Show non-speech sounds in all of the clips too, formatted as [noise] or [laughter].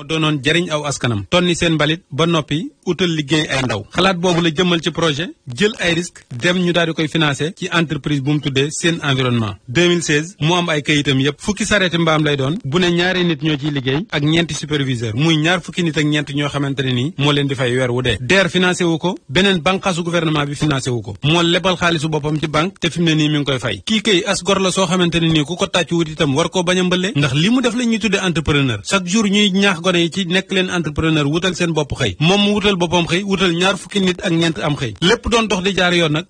moo doonoon jëriñ aw askanam tonni seen mbalit ba noppi utal liggéey ay ndaw xalaat boobu la jëmmal ci projet jël ay risque dem ñu daal koy financé ci entreprise bu mu tuddee seen environnement mu am ay kayitam yépp fukki sareeti mbaam lay doon bu ne ñaari nit ñoo ciy liggéey ak ñeenti superviseur muy ñaar fukki nit ak ñeent ñoo xamante nii moo leen di fay weer wu dee DER financé ko beneen banqaasu gouvernement bi financé ko moo lebal xaalisu boppam gone yi ci leen entrepreneur wutal seen bopp xëy moom mu wutal boppam xëy wutal ñaar fukki nit ak ñeent am xëy lépp doon dox di jaar yoon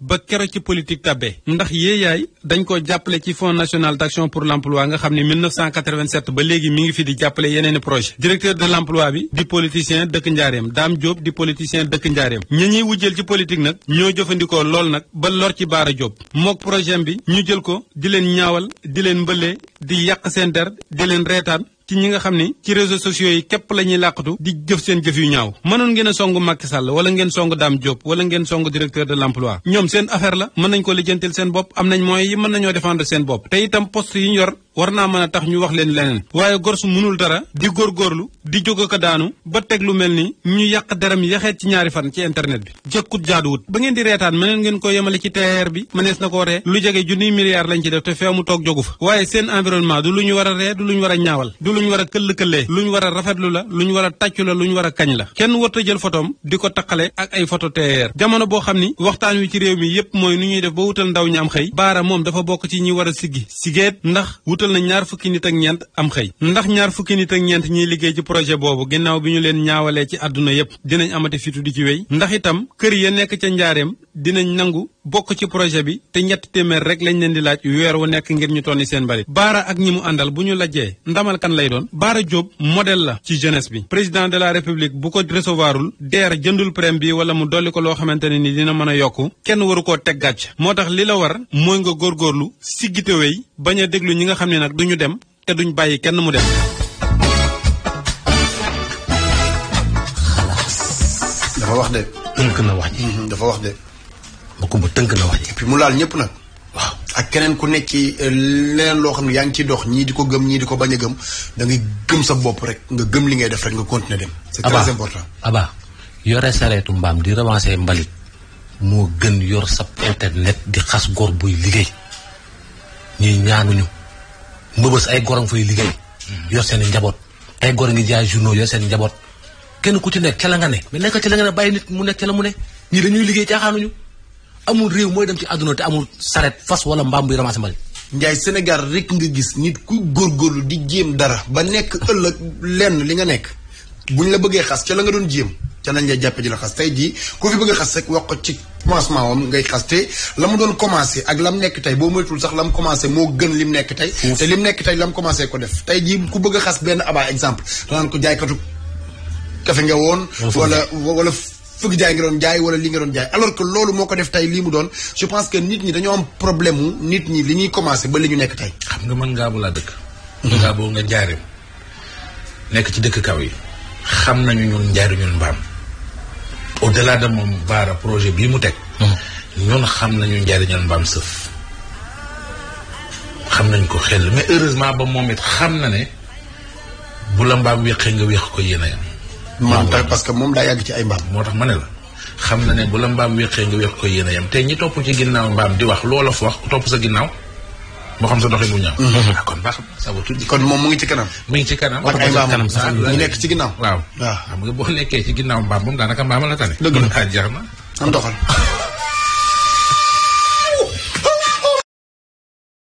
ci politique tabbee ndax yéeyaay dañ ko jàppale ci fonds national d'action pour l'emploi nga xam ne 1987 ba léegi mi ngi fi di jàppale yeneeni projet directeur de l'emploi bi di politicien dëkk njaareem Dame Diop di politicien dëkk njaareem ñi ñuy wujjeel ci politique nag ñoo jëfandikoo lool nag ba lor ci Baara Diop mook projet bi ñu jël ko di leen ñaawal di leen mbëlee di yàq seen der di leen reetaan ci ñi nga xam ni ci réseaux sociaux yi képp la ñuy làqatu di jëf seen jëf yu ñaaw mënoon ngeen a song Macky Sall wala ngeen song Dame Diop wala ngeen song directeur de l'emploi ñoom seen affaire la mën nañ ko lijjantil seen bopp am nañ moyens yi mën nañoo défendre seen bopp te itam poste yi ñu yor war naa mën a tax ñu wax leen leneen waaye gor su mënul dara di góorgóorlu di jóg ko daanu ba teg lu mel ni ñu yàq deram yaxeet ci ñaari fan ci internet bi jëkkut jaaduwut ba ngeen di reetaan mëneen ngeen ko yemale ci TER bi mënees na koo ree lu jege junniy milliards lañ ci def te fee mu toog jógu fa waaye seen environnement du lu ñu war a ree du lu ñu war a ñaawal du lu ñu war a këll-këllee lu ñu war a rafetlu la lu ñu war a tàccu la lu ñu war a kañ la kenn warta jël photom di ko taqale ak ay photo TER jamono boo xam ni waxtaan wi ci réew mi yépp mooy nu ñuy def ba wutal ndaw ñi xëy baara moom dafa bokk ci war a siggi wutal na ñaar fukki nit ak ñeent am xëy ndax ñaar fukki nit ak ñeent ñiy liggéey ci projet boobu ginnaaw bi ñu leen ñaawalee ci àdduna yépp dinañ amati fitu di ci wéy ndax itam kër ya nekk ca njaareem dinañ nangu bokk ci projet bi te ñett téeméer rek lañ leen di laaj weer wu nekk ngir ñu tonni seen mbalit baara ak ñi mu àndal bu ñu lajjee ndamal kan lay doon baara Diop model la ci jeunesse bi président de la république bu ko recevoirul deer jëndul prem bi wala mu dolli ko loo xamante ne ni dina mën a yokk kenn waru koo teg gàcc moo tax li la war mooy nga góor góorlu góorgóorlu siggitewey bañ a déglu ñi nga xam ne nag duñu dem te duñu bàyyi kenn mu dem dafa wax de. tënk na wax dafa wax de. ma ko mu tënk na wax ji. et puis mu laal ñëpp nag. waaw ak keneen ku nekk ci euh, leneen loo xam ne yaa ngi ciy dox ñii di ko gëm ñii di ko bañ a gëm da ngay gëm sa bopp rek nga gëm li ngay def rek nga continuer dem. c'est très important Aba yore sareetu mbaam di revancer mbalit moo gën yor sa internet di xas gor buy liggéey ñuy ñaanuñu mbëbës ay goro a fay liggéey. Hmm. yor seen njaboot ay gor ngi jaay journaux yor seen njaboot kenn ku ci nekk ca la nekk ca bàyyi nit mu nekk ca la mu amul réew mooy dem ci àdduna te amul saret fas wala mbaam buy ramasser mbalit. Ndiaye Sénégal rek nga gis nit ku góor góorgóorlu di jéem dara ba nekk ëllëg lenn li nga nekk bu buñ la bëggee xas ca la nga doon jéem ca nañ lay jàppe di la xas tey jii ku fi bëgg xas rek wax ko ci commencement ngay xas te la mu doon commencé ak la mu nekk tey boo moytul sax la mu commencé moo gën lim nekk tey. te lim nekk tey la mu commencé ko def tey jii ku bëgg a xas benn abaa exemple danaan ko jaaykatu kafe nga woon. wala wala. fukki jaay nga doon jaay wala li nga doon jaay alors que loolu moo ko def tey lii mu doon je pense que nit ñi dañoo am problème mu nit ñi li ñuy commencé ba li ñu nekk tey. xam nga man ngaa bu laa dëkk. ngaa boobu nga njaareem ci dëkk kaw yi xam nañu ñun njaari mbaam au delà de moom baara projet bii mu teg. ñun xam nañu njaari ñun mbaam sëf. xam nañ ko xel mais heureusement ba moom it xam na ne bu la mbaam wéqee nga wéq ko yéen a maam tamit parce que moom daa yàgg ci ay mbaam moo tax ma ne la xam na ne bu la mbaam wéqee nga wéq ko yéen a yem te ñi topp ci ginnaaw mbaam di wax loola fa wax ku topp sa ginnaaw moo xam sa doxin bu ñaaw mhm. ah, kon baax sa tuuti kon moom mu ngi ci kanam mu ngi ci kanam ak nekk ci ginnaaw waaw waaw xam nga boo nekkee ci ginnaaw mbaam moom daanaka mbaam la tane dëgg la ah, jeex na am doxal [laughs]